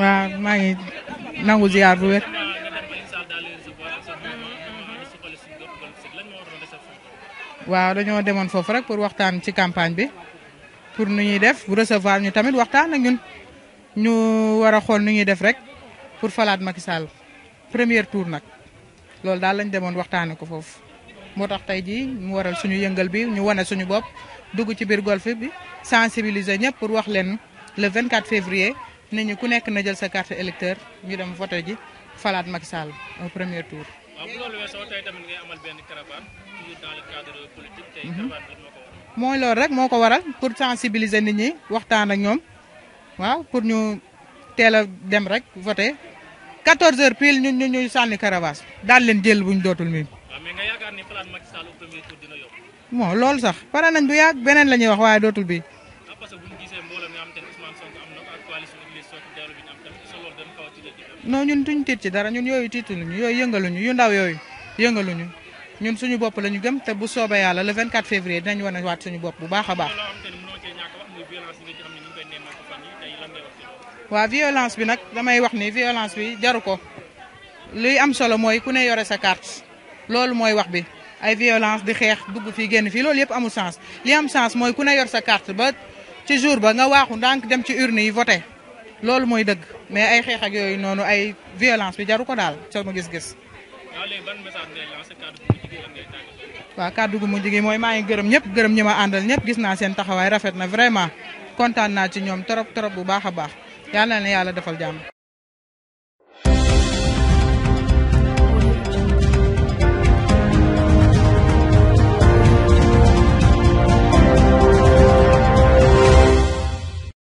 waaw maa ngi nangu ziar dañoo demoon foofu rek pour waxtaan ci campagne bi pour nu ñuy def bu recevoir ñu tamit waxtaan ak ñun ñu war a xool nu ñuy def rek pour falaat Macky Sall première tour nag loolu daal lañ demoon waxtaanee ko foofu. moo tax tey jii mu waral suñu yëngal bi ñu wane suñu bopp dugg ci biir golf bi sensibiliser ñëpp pour wax le le 24 février. nit ñi ku nekk na jël sa carte électeur ñu dem vote ji falaat Macky Sall au premier tour. waaw bu loolu weesoo tey tamit ngay amal benn caravane toujours dans le cadre politique mhm. caravane waral. rek moko waral pour sensibiliser nit ñi waxtaan ak ñom waaw pour ñu téla dem rek vote 14 heures pile ñu ñu ñu sànni caravane leen jël buñ dotul miin. Ah, mais nga yaakaar sax nañ wax waye dotul bi non ñun tuñ tiit ci dara ñun yooyu tiitaluñu yooyu yëngaluñu yu ndaw yooyu yëngaluñu ñun suñu bopp lañu ñu gëm te bu soobee yàlla la le 24 février dinañ wane waat suñu bopp bu baax a baax. waa bi nag damay wax ni violence bi jaru ko liy am solo mooy ku ne yore sa carte loolu mooy wax bi ay violence di xeex dugg fii génn fii loolu yëpp amul sens li am sens mooy ku ne yor sa carte ba ci jour ba nga waaxu ndànk dem ci urne yi voté. loolu mooy dëgg mais ay xeex ak yooyu noonu ay violence bi jaru ko daal sama gis-gis. waaw kàddu gu mujj gi mooy maa ngi gërëm ñëpp gërëm ñi ma àndal ñëpp gis naa seen taxawaay rafet na vraiment kontaan naa ci ñoom trop trop bu baax a baax yal na ne yàlla defal jàmm.